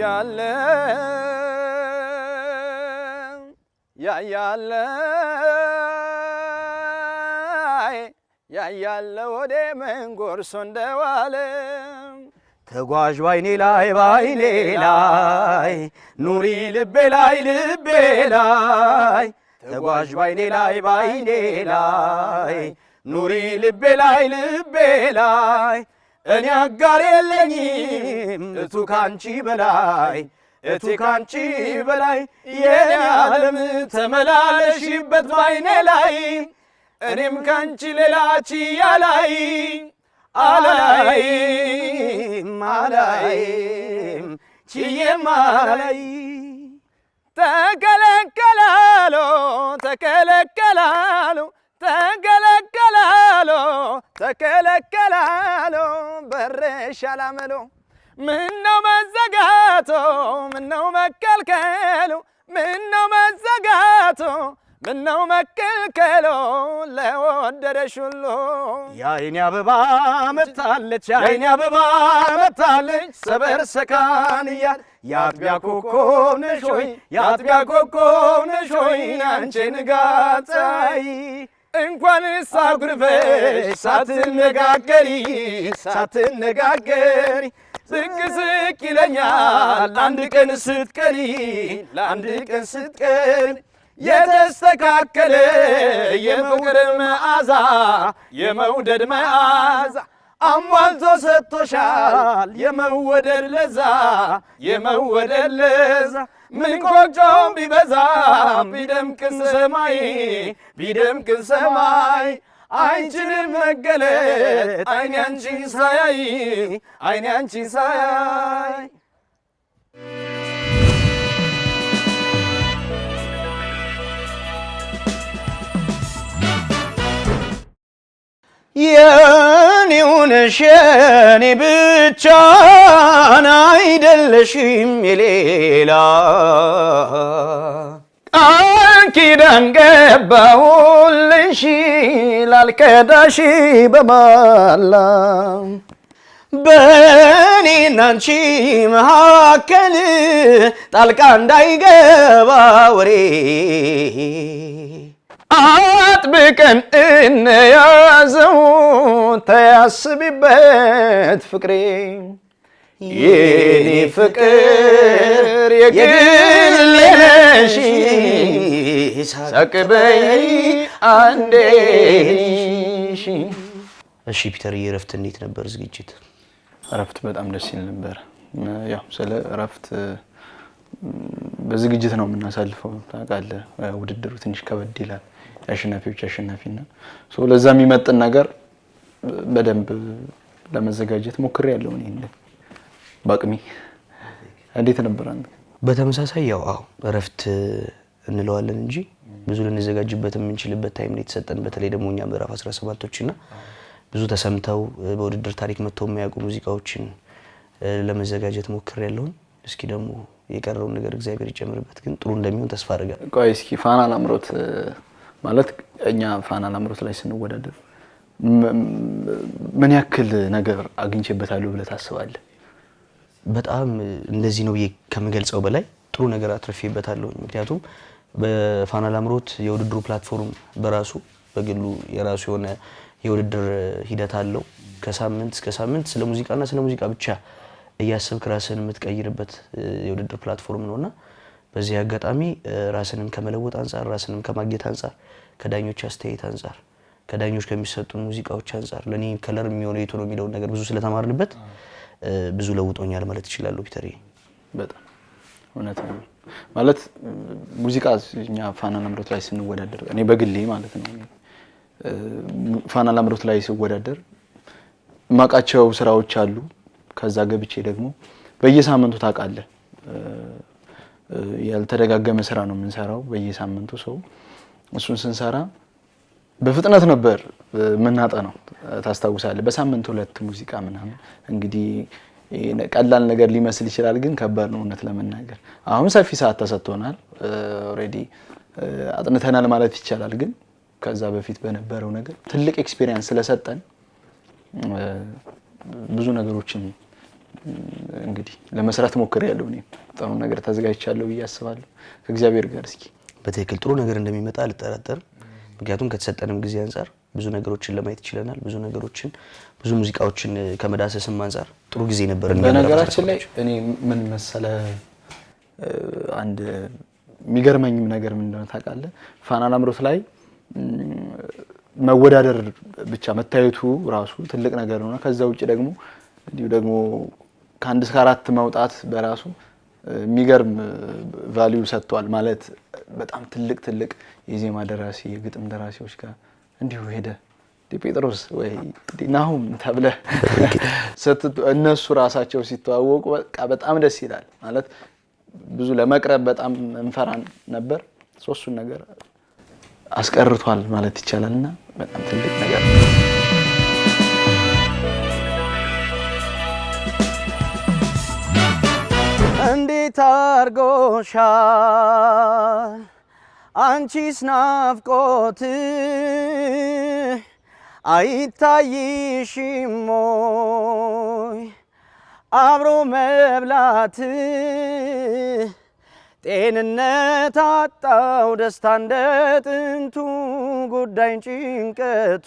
ያያለ ያያለ ያያለ ወደ መንጎርሶ እንደዋለ ተጓዥ ባይኔ ላይ ባይኔ ላይ ኑሪ ልቤ ላይ ልቤ ላይ ተጓዥ ባይኔ ላይ ባይኔ ላይ ኑሪ ልቤ ላይ ልቤ ላይ እኔ አጋር የለኝም እቱ ካንቺ በላይ እቱ ካንቺ በላይ የኔ ዓለም ተመላለሽበት ባይኔ ላይ እኔም ካንቺ ሌላ ችያ ላይ አላይም አላይም ችዬም አላይ ተከለከላሎ ተከለከላሎ ተንገለገላሎ ተከለከላሎ በረሻ ላመሎ ምነው መዘጋቶ ምነው መከልከሉ ምነው መዘጋቶ ምነው መከልከሎ ለወደደሽ ሁሉ የአይኔ አበባ መታለች የአይኔ አበባ መታለች ሰበር ሰካን እያል የአጥቢያ ኮከብ ነሽ ሆይ የአጥቢያ ኮከብ ነሽ ሆይ አንቺ ንጋት ፀሐይ እንኳን ሳጉርፈሽ ሳትነጋገሪ ሳትነጋገሪ ዝቅ ዝቅ ይለኛል ለአንድ ቀን ስትቀሪ ለአንድ ቀን ስትቀሪ የተስተካከለ የመውደድ መዓዛ የመውደድ መዓዛ አሟልቶ ሰጥቶሻል የመወደድ ለዛ የመወደድ ለዛ ምን ቆጮም ቢበዛ ቢደምቅን ሰማይ ቢደምቅን ሰማይ አይንችንም መገለጥ አይን ያንቺን ሳያይ አይን ያንቺን ሳያይ የኔው ነሽ የኔ ብቻን አይደለሽም የሌላ ቃል ኪዳን ገባሁልሽ ላልከዳሽ በማላ በእኔና መካከል ጣልቃ እንዳይገባ ወሬ አጥብቀን እንያዘው ተያስቢበት ፍቅሬ የኔ ፍቅር የግልለሽ ነሽ ሳቅበይ አንዴ። እሺ ፒተር፣ እረፍት እንዴት ነበር ዝግጅት? እረፍት በጣም ደስ ይል ነበር። ያው ስለ እረፍት በዝግጅት ነው የምናሳልፈው። ታውቃለህ ውድድሩ ትንሽ ከበድ ይላል። የአሸናፊዎች አሸናፊና ለዛ የሚመጥን ነገር በደንብ ለመዘጋጀት ሞክሬያለሁ። እኔ እንደ በአቅሜ እንዴት ነበረ? በተመሳሳይ ያው አዎ እረፍት እንለዋለን እንጂ ብዙ ልንዘጋጅበት የምንችልበት ታይም ነው የተሰጠን። በተለይ ደግሞ እኛ ምዕራፍ 17ቶች እና ብዙ ተሰምተው በውድድር ታሪክ መጥተው የሚያውቁ ሙዚቃዎችን ለመዘጋጀት ሞክሬያለሁኝ። እስኪ ደግሞ የቀረውን ነገር እግዚአብሔር ይጨምርበት፣ ግን ጥሩ እንደሚሆን ተስፋ አድርጋለሁ። ቆይ እስኪ ፋና ላምሮት ማለት እኛ ፋና ላምሮት ላይ ስንወዳደር ምን ያክል ነገር አግኝቼበታለሁ ብለህ ታስባለህ? በጣም እንደዚህ ነው ብዬ ከምገልጸው በላይ ጥሩ ነገር አትርፌበታለሁ። ምክንያቱም በፋና ላምሮት የውድድሩ ፕላትፎርም በራሱ በግሉ የራሱ የሆነ የውድድር ሂደት አለው። ከሳምንት እስከ ሳምንት ስለ ሙዚቃና ስለ ሙዚቃ ብቻ እያሰብክ ራስህን የምትቀይርበት የውድድር ፕላትፎርም ነው እና በዚህ አጋጣሚ ራስንም ከመለወጥ አንጻር፣ ራስንም ከማግኘት አንጻር፣ ከዳኞች አስተያየት አንጻር፣ ከዳኞች ከሚሰጡ ሙዚቃዎች አንጻር ለእኔ ከለር የሚሆነ የቱ ነው የሚለውን ነገር ብዙ ስለተማርንበት ብዙ ለውጦኛል ማለት ይችላሉ። ፒተር በጣም እውነት ነው ማለት ሙዚቃ እኛ ፋና ላምሮት ላይ ስንወዳደር እኔ በግሌ ማለት ነው ፋና ላምሮት ላይ ስወዳደር ማቃቸው ስራዎች አሉ ከዛ ገብቼ ደግሞ በየሳምንቱ ታውቃለህ ያልተደጋገመ ስራ ነው የምንሰራው በየሳምንቱ ሰው እሱን ስንሰራ በፍጥነት ነበር የምናጠነው። ታስታውሳለህ? በሳምንት ሁለት ሙዚቃ ምናምን። እንግዲህ ቀላል ነገር ሊመስል ይችላል፣ ግን ከባድ ነው እውነት ለመናገር። አሁን ሰፊ ሰዓት ተሰጥቶናል፣ ኦልሬዲ አጥንተናል ማለት ይቻላል። ግን ከዛ በፊት በነበረው ነገር ትልቅ ኤክስፔሪንስ ስለሰጠን ብዙ ነገሮችን እንግዲህ ለመስራት ያለው እኔ ጥሩ ነገር ተዘጋጅቻለሁ ብዬ አስባለሁ። ከእግዚአብሔር ጋር እስኪ በትክክል ጥሩ ነገር እንደሚመጣ አልጠረጠርም። ምክንያቱም ከተሰጠንም ጊዜ አንጻር ብዙ ነገሮችን ለማየት ይችለናል። ብዙ ነገሮችን ብዙ ሙዚቃዎችን ከመዳሰስም አንጻር ጥሩ ጊዜ ነበር። በነገራችን ላይ እኔ ምን መሰለ አንድ የሚገርመኝም ነገር ምን እንደሆነ ታውቃለህ? ፋና ላምሮት ላይ መወዳደር ብቻ መታየቱ ራሱ ትልቅ ነገር ነው። ከዛ ውጭ ደግሞ እንዲሁ ደግሞ ከአንድ እስከ አራት መውጣት በራሱ የሚገርም ቫሊዩ ሰጥቷል ማለት በጣም ትልቅ ትልቅ የዜማ ደራሲ የግጥም ደራሲዎች ጋር እንዲሁ ሄደ ጴጥሮስ ወይ ናሁም ተብለ እነሱ ራሳቸው ሲተዋወቁ በቃ በጣም ደስ ይላል። ማለት ብዙ ለመቅረብ በጣም እንፈራን ነበር ሶስቱን ነገር አስቀርቷል ማለት ይቻላል እና በጣም ትልቅ ነገር ነው። እንዴት አርጎሻል አንቺስ ናፍቆት አይታይሽም ሞይ አብሮ መብላት ጤንነት አጣው ደስታ እንደ ጥንቱ ጉዳይን ጭንቀቱ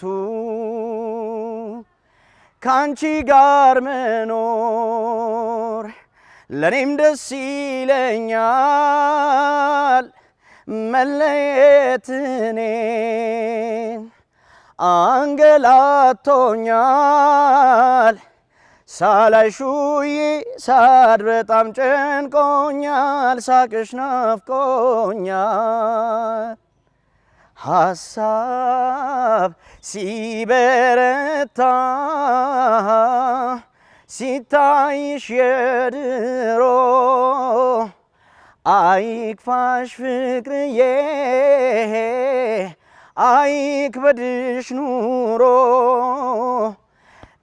ካንቺ ጋር መኖር ለእኔም ደስ ይለኛል መለየትኔን አንገላቶኛል ሳላሹይ ሳድ በጣም ጨንቆኛል፣ ሳቅሽ ናፍቆኛል። ሀሳብ ሲበረታ ሲታይሽ የድሮ አይክፋሽ ፍቅርዬ አይክበድሽ ኑሮ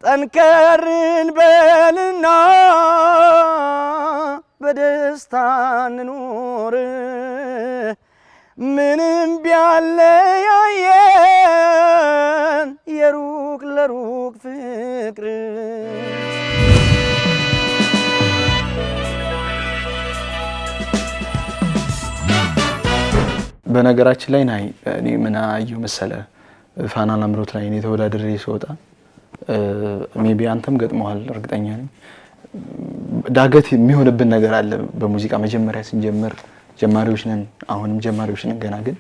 ጠንከርን በልና በደስታ እንኖር ምንም ቢያለያየን የሩቅ ለሩቅ ፍቅር በነገራችን ላይ ናይ እኔ ምን አየሁ መሰለ ፋና ላምሮት ላይ እኔ ተወዳድሬ ስወጣ ሜቢ አንተም ገጥመዋል እርግጠኛ ነኝ። ዳገት የሚሆንብን ነገር አለ በሙዚቃ መጀመሪያ ስንጀምር ጀማሪዎች ነን፣ አሁንም ጀማሪዎች ነን ገና ግን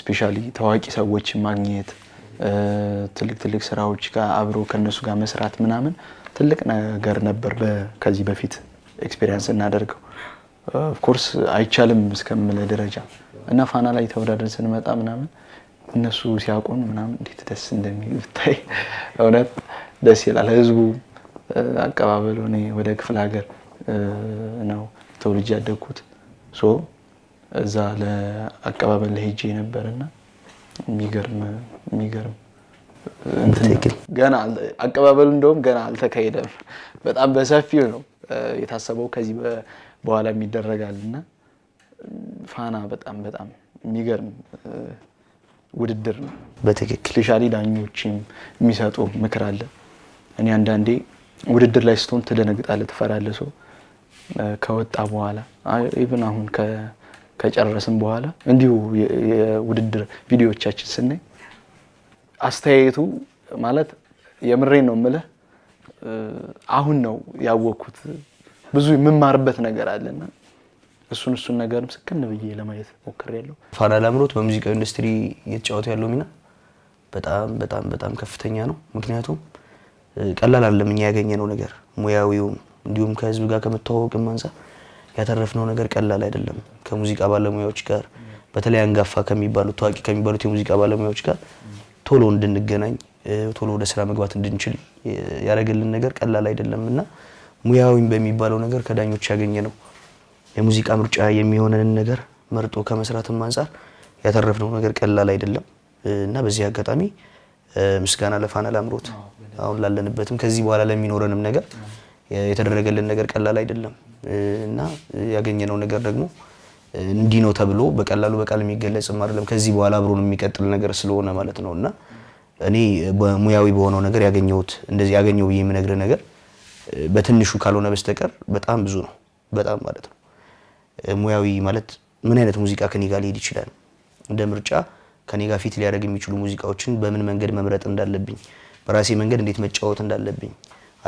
ስፔሻሊ ታዋቂ ሰዎች ማግኘት ትልቅ ትልቅ ስራዎች ጋር አብሮ ከነሱ ጋር መስራት ምናምን ትልቅ ነገር ነበር ከዚህ በፊት ኤክስፔሪንስ እናደርገው ኦፍኮርስ አይቻልም እስከምለ ደረጃ እና ፋና ላይ ተወዳደር ስንመጣ ምናምን እነሱ ሲያቆኑ ምናምን እንዴት ደስ እንደሚል ብታይ እውነት ደስ ይላል። ህዝቡ አቀባበሉ እኔ ወደ ክፍለ ሀገር ነው ተወልጄ ያደግኩት ሶ እዛ ለአቀባበል ለሄጄ ነበርና የሚገርም የሚገርም ገና አቀባበሉ እንደውም ገና አልተካሄደም። በጣም በሰፊው ነው የታሰበው ከዚህ በኋላ የሚደረጋል እና ፋና በጣም በጣም የሚገርም ውድድር ነው። በትክክል ስፔሻሊ ዳኞችም የሚሰጡ ምክር አለ። እኔ አንዳንዴ ውድድር ላይ ስትሆን ትደነግጣለ፣ ትፈራለ። ሰው ከወጣ በኋላ ኢቭን አሁን ከጨረስን በኋላ እንዲሁ የውድድር ቪዲዮቻችን ስናይ አስተያየቱ ማለት የምሬን ነው የምልህ አሁን ነው ያወቅኩት ብዙ የምማርበት ነገር አለና እሱን እሱን ነገርም ስክን ብዬ ለማየት ያለው ፋና ላምሮት በሙዚቃ ኢንዱስትሪ እየተጫወተ ያለው ሚና በጣም በጣም በጣም ከፍተኛ ነው። ምክንያቱም ቀላል አለም እኛ ያገኘነው ነገር ሙያዊውም፣ እንዲሁም ከህዝብ ጋር ከመተዋወቅም አንጻር ያተረፍነው ነገር ቀላል አይደለም። ከሙዚቃ ባለሙያዎች ጋር በተለይ አንጋፋ ከሚባሉት ታዋቂ ከሚባሉት የሙዚቃ ባለሙያዎች ጋር ቶሎ እንድንገናኝ ቶሎ ወደ ስራ መግባት እንድንችል ያደረገልን ነገር ቀላል አይደለም እና ሙያዊም በሚባለው ነገር ከዳኞች ያገኘ ነው የሙዚቃ ምርጫ የሚሆነንን ነገር መርጦ ከመስራትም አንጻር ያተረፍነው ነገር ቀላል አይደለም እና በዚህ አጋጣሚ ምስጋና ለፋና ላምሮት አሁን ላለንበትም ከዚህ በኋላ ለሚኖረንም ነገር የተደረገልን ነገር ቀላል አይደለም እና ያገኘነው ነገር ደግሞ እንዲህ ነው ተብሎ በቀላሉ በቃል የሚገለጽም አይደለም። ከዚህ በኋላ አብሮን የሚቀጥል ነገር ስለሆነ ማለት ነው እና እኔ ሙያዊ በሆነው ነገር ያገኘሁት እንደዚህ ያገኘው ብዬ የምነግር ነገር በትንሹ ካልሆነ በስተቀር በጣም ብዙ ነው። በጣም ማለት ነው ሙያዊ ማለት ምን አይነት ሙዚቃ ከኔ ጋር ሊሄድ ይችላል፣ እንደ ምርጫ ከኔ ጋር ፊት ሊያደርግ የሚችሉ ሙዚቃዎችን በምን መንገድ መምረጥ እንዳለብኝ፣ በራሴ መንገድ እንዴት መጫወት እንዳለብኝ፣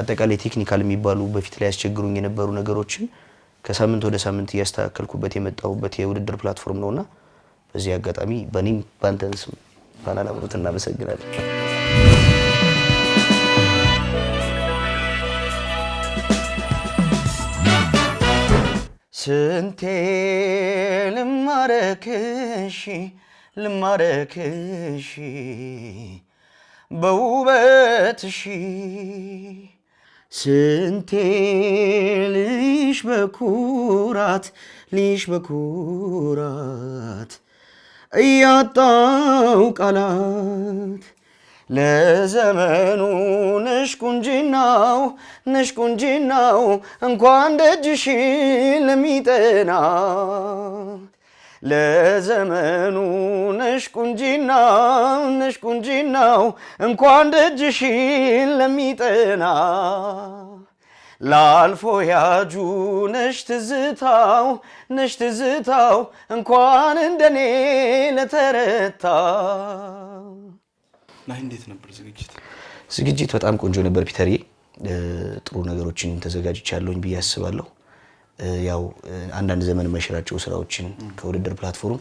አጠቃላይ ቴክኒካል የሚባሉ በፊት ላይ ያስቸግሩኝ የነበሩ ነገሮችን ከሳምንት ወደ ሳምንት እያስተካከልኩበት የመጣሁበት የውድድር ፕላትፎርም ነውና በዚህ አጋጣሚ በእኔም በአንተን ስም ፋና ላምሮት እናመሰግናለን። ስንቴ ልማረክሽ ልማረክሽ በውበትሽ ስንቴ ልሽ በኩራት ልሽ በኩራት እያጣው ቃላት ለዘመኑ ነሽ ንሽቁንጂናው እንኳን ደጅሽ ለሚጠና ለዘመኑ ንሽቁንጂናው ንሽቁንጂናው እንኳን ደጅሽ ለሚጠና ላልፎ ያጁ ነሽ ትዝታው ነሽ ትዝታው እንኳን እንደኔ ለተረታ ናይ እንዴት ነበር ዝግጅት? ዝግጅት በጣም ቆንጆ ነበር ፒተርዬ። ጥሩ ነገሮችን ተዘጋጅቻለሁኝ ብዬ አስባለሁ። ያው አንዳንድ ዘመን የማይሽራቸው ስራዎችን ከውድድር ፕላትፎርም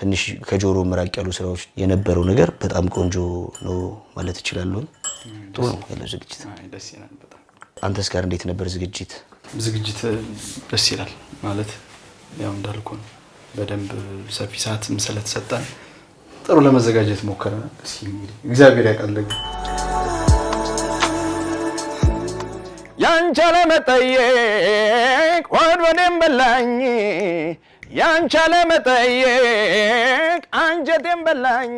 ትንሽ ከጆሮ መራቅ ያሉ ስራዎች የነበረው ነገር በጣም ቆንጆ ነው ማለት እችላለሁ። ጥሩ ነው ያለው ዝግጅት። አንተስ ጋር እንዴት ነበር ዝግጅት? ዝግጅት ደስ ይላል ማለት ያው እንዳልኩ ነው። በደንብ ሰፊ ሰዓት ስለተሰጠን ጥሩ ለመዘጋጀት ሞከረናል። እግዚአብሔር ያውቃል። ያንቻ ለመጠየቅ ወድ ወደም በላኝ፣ ያንቻ ለመጠየቅ አንጀቴም በላኝ።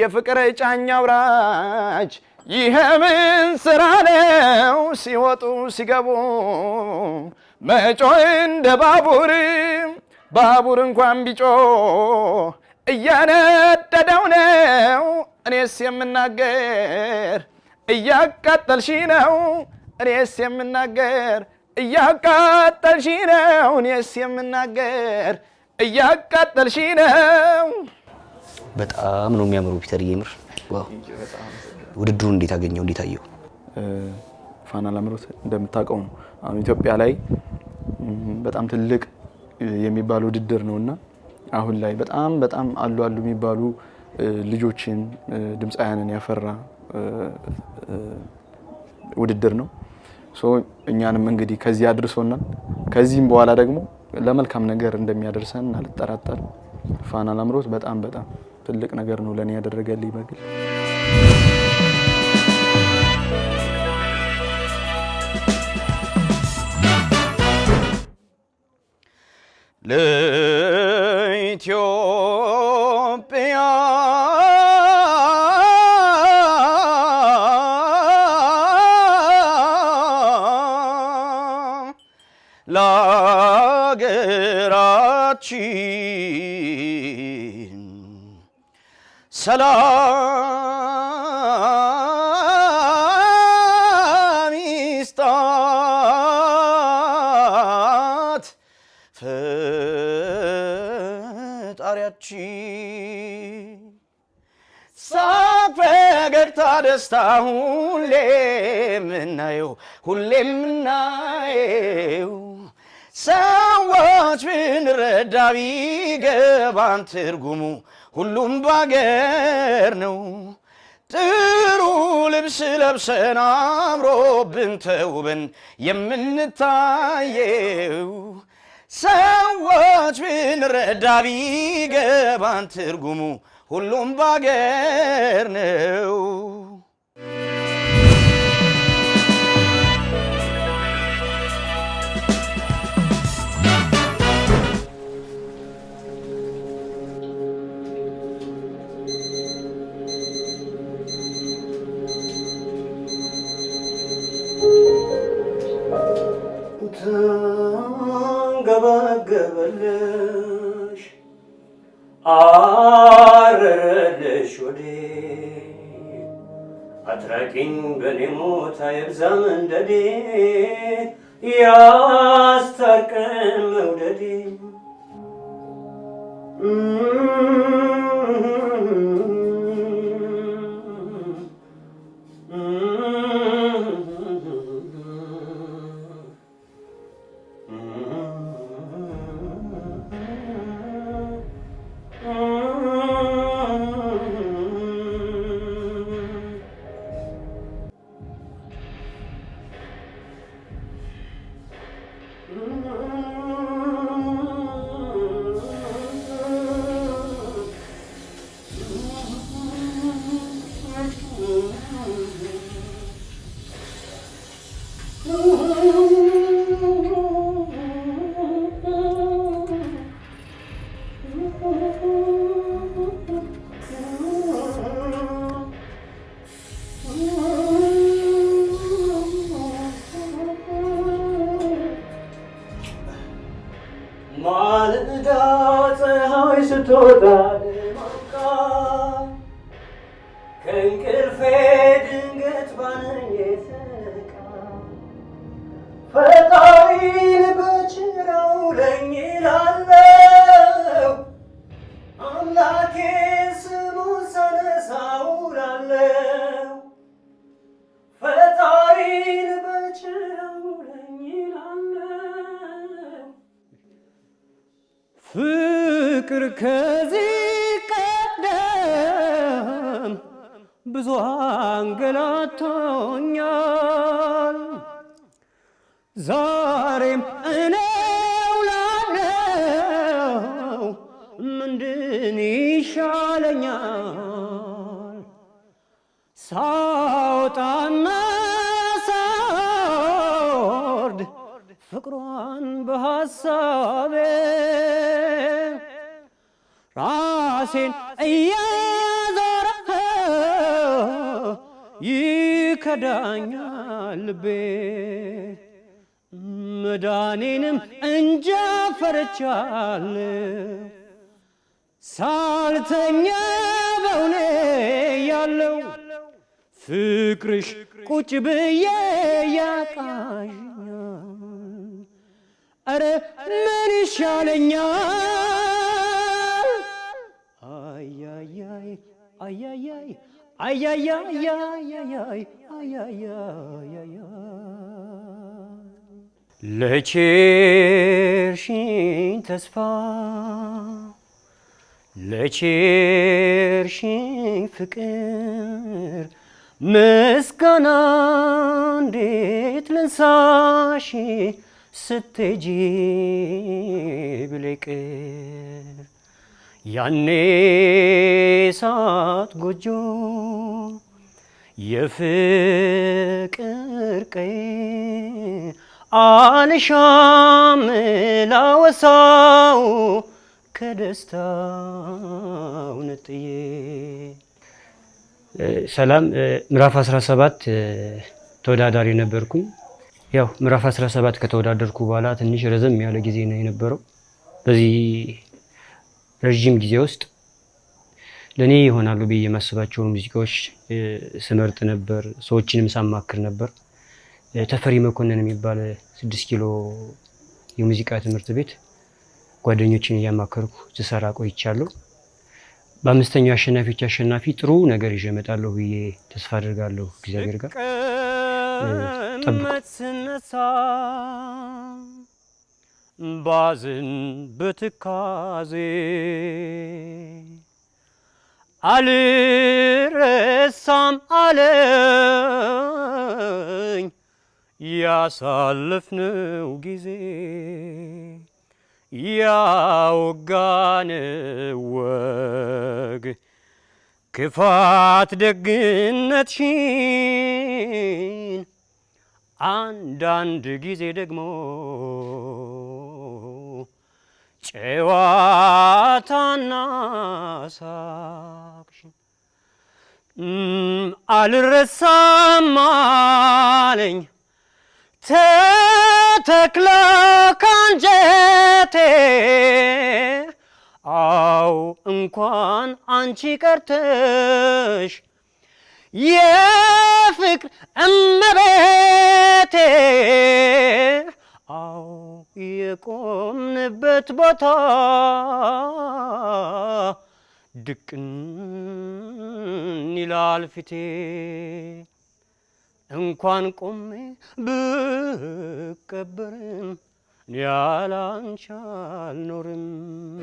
የፍቅር ጫኝ አውራጅ ይሄ ምን ስራ ነው? ሲወጡ ሲገቡ መጮህ እንደ ባቡር ባቡር እንኳን ቢጮህ እያነደደው ነው እኔስ የምናገር እያቃጠልሽ ነው እኔስ የምናገር እያቃጠልሽ ነው እኔስ የምናገር እያቃጠልሽ ነው። በጣም ነው የሚያምሩ ፒተር የምር ውድድሩ እንዴት አገኘው? እንዴት አየው? ፋና ላምሮት እንደምታውቀው ነው አሁን ኢትዮጵያ ላይ በጣም ትልቅ የሚባል ውድድር እና አሁን ላይ በጣም በጣም አሉ አሉ የሚባሉ ልጆችን ድምፃውያንን ያፈራ ውድድር ነው። እኛንም እንግዲህ ከዚህ አድርሶናል። ከዚህም በኋላ ደግሞ ለመልካም ነገር እንደሚያደርሰን አልጠራጠር። ፋና ላምሮት በጣም በጣም ትልቅ ነገር ነው ለእኔ ያደረገልኝ በግል ለ Ethiopia. Lageracin Salam ደስታ ሁሌ የምናየው ሁሌም የምናየው ሰዎች ብንረዳ ቢገባን ትርጉሙ ሁሉም ባገር ነው። ጥሩ ልብስ ለብሰን አምሮብን ተውበን የምንታየው ሰዎች ብንረዳ ቢገባን ትርጉሙ ሁሉም ባገር ነው። ተንገበገበልሽ አረረልሽ ወዴ አትራቂኝ በኔ ሞታ የብዛም መንደዴ ያ খোদা ፍቅር ከዚህ ቀደም ብዙ አንገላቶኛል ዛሬም እኔ እያዞረ ይከዳኛል ልቤ መዳኔንም እንጃ ፈርቻለሁ ሳልተኛ በውኔ ያለው ፍቅርሽ ቁጭ ብዬ ምን ይሻለኛል? ለቸርሽኝ ተስፋ ለቸርሽኝ ፍቅር ምስጋና እንዴት ልንሳሽ ስትሄጂ ብለቅር ያኔ እሳት ጎጆ የፍቅር ቀይ አልሻም ላወሳው ከደስታው ነጥዬ። ሰላም ምዕራፍ 17 ተወዳዳሪ ነበርኩኝ። ያው ምዕራፍ 17 ከተወዳደርኩ በኋላ ትንሽ ረዘም ያለ ጊዜ ነው የነበረው በዚህ ረዥም ጊዜ ውስጥ ለእኔ ይሆናሉ ብዬ የማስባቸውን ሙዚቃዎች ስመርጥ ነበር። ሰዎችንም ሳማክር ነበር። ተፈሪ መኮንን የሚባል ስድስት ኪሎ የሙዚቃ ትምህርት ቤት ጓደኞችን እያማከርኩ ስሰራ ቆይቻለሁ። በአምስተኛው አሸናፊዎች አሸናፊ ጥሩ ነገር ይዤ እመጣለሁ ብዬ ተስፋ አድርጋለሁ። እግዚአብሔር ጋር ጠብቁ። ባዝን በትካዜ አልረሳም አለኝ ያሳለፍነው ጊዜ ያወጋነው ወግ ክፋት ደግነትሽን አንዳንድ ጊዜ ደግሞ ጨዋታና ሳቅሽን አልረሳም አለኝ ተተክለ ካንጀቴ አው እንኳን አንቺ ቀርተሽ የፍቅር እመቤቴ አዎ የቆምንበት ቦታ ድቅን ይላል ፊቴ። እንኳን ቆሜ ብቀበርም ያለ አንቺ አልኖርም።